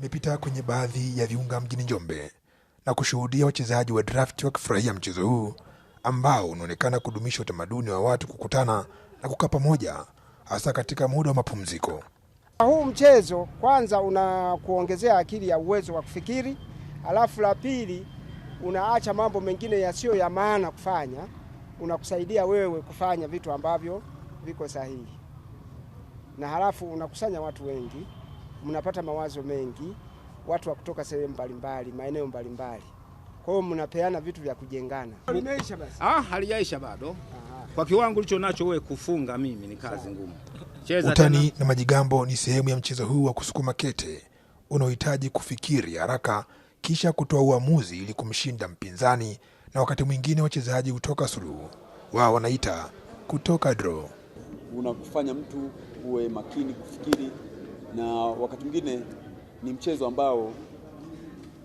Nimepita kwenye baadhi ya viunga mjini Njombe na kushuhudia wachezaji wa draft wakifurahia mchezo huu ambao unaonekana kudumisha utamaduni wa watu kukutana na kukaa pamoja hasa katika muda wa mapumziko. Huu mchezo kwanza unakuongezea akili ya uwezo wa kufikiri, alafu la pili unaacha mambo mengine yasiyo ya maana kufanya, unakusaidia wewe kufanya vitu ambavyo viko sahihi, na halafu unakusanya watu wengi mnapata mawazo mengi, watu wa kutoka sehemu mbalimbali, maeneo mbalimbali. Kwa hiyo mnapeana vitu vya kujengana. Limeisha basi? Ah, halijaisha bado. Aha. Kwa kiwango ulicho nacho wewe kufunga mimi ni kazi ngumu. Cheza utani tena. na majigambo ni sehemu ya mchezo huu wa kusukuma kete unaohitaji kufikiri haraka kisha kutoa uamuzi ili kumshinda mpinzani, na wakati mwingine wachezaji hutoka suluhu, wao wanaita kutoka draw. Unakufanya mtu uwe makini kufikiri na wakati mwingine ni mchezo ambao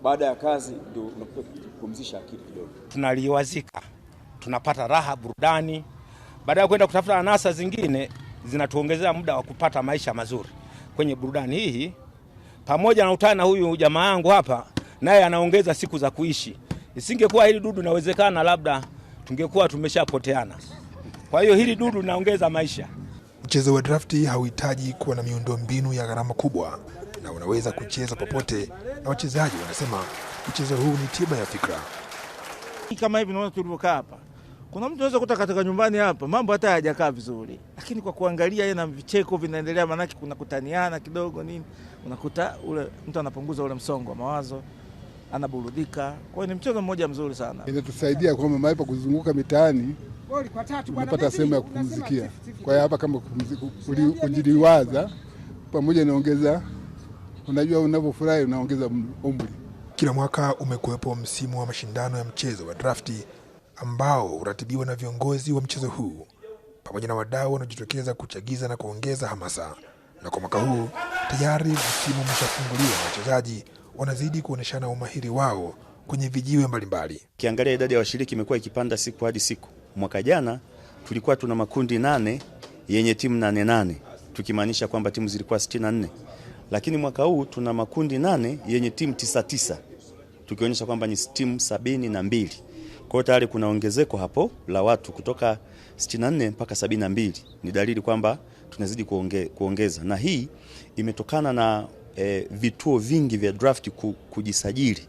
baada ya kazi ndio unapumzisha akili kidogo, tunaliwazika, tunapata raha, burudani. Baada ya kwenda kutafuta anasa zingine, zinatuongezea muda wa kupata maisha mazuri kwenye burudani hii, pamoja na utana huyu jamaa yangu hapa naye anaongeza siku za kuishi. Isingekuwa hili dudu, inawezekana labda tungekuwa tumeshapoteana. Kwa hiyo hili dudu linaongeza maisha. Mchezo wa drafti hauhitaji kuwa na miundo mbinu ya gharama kubwa, na unaweza kucheza popote, na wachezaji wanasema mchezo huu ni tiba ya fikra. Kama hivi naona tulivyokaa hapa, kuna mtu anaweza kuta katika nyumbani hapa mambo hata hayajakaa vizuri, lakini kwa kuangalia yeye na vicheko vinaendelea, maanake kuna kutaniana kidogo nini, unakuta ule mtu anapunguza ule msongo wa mawazo anaburudika. Kwa hiyo ni mchezo mmoja mzuri sana, inatusaidia kwamba mahali pa kuzunguka mitaani unapata sehemu ya kupumzikia. Kwa hiyo hapa kama kujiliwaza pamoja inaongeza, unajua unavyofurahi unaongeza um-, umri. Kila mwaka umekuwepo msimu wa mashindano ya mchezo wa drafti ambao huratibiwa na viongozi wa mchezo huu pamoja na wadau wanaojitokeza kuchagiza na kuongeza hamasa, na kwa mwaka huu tayari msimu umeshafunguliwa na wachezaji wanazidi kuonyeshana umahiri wao kwenye vijiwe mbalimbali. kiangalia idadi ya washiriki imekuwa ikipanda siku hadi siku. Mwaka jana tulikuwa tuna makundi nane yenye timu nane nane, tukimaanisha kwamba timu zilikuwa nne, lakini mwaka huu tuna makundi nane yenye timu tisa tisa, tukionyesha kwamba ni timu sabini na mbili. Kwa hiyo tayari kuna ongezeko hapo la watu kutoka nne mpaka mbili. Ni dalili kwamba tunazidi kuonge, kuongeza na hii imetokana na e, vituo vingi vya draft kujisajili.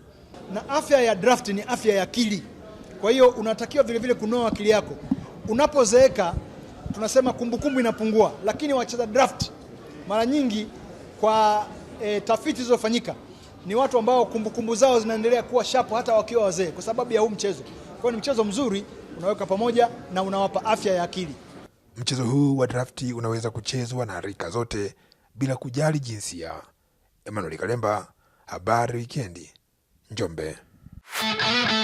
Na afya ya draft ni afya ya akili, kwa hiyo unatakiwa vilevile kunoa akili yako. Unapozeeka tunasema kumbukumbu inapungua, lakini wacheza draft mara nyingi kwa e, tafiti zilizofanyika ni watu ambao kumbukumbu zao zinaendelea kuwa shapo hata wakiwa wazee kwa sababu ya huu mchezo. Kwa ni mchezo mzuri, unaweka pamoja na unawapa afya ya akili. Mchezo huu wa drafti unaweza kuchezwa na rika zote bila kujali jinsia. Emmanuel Kalemba, habari wikendi, Njombe.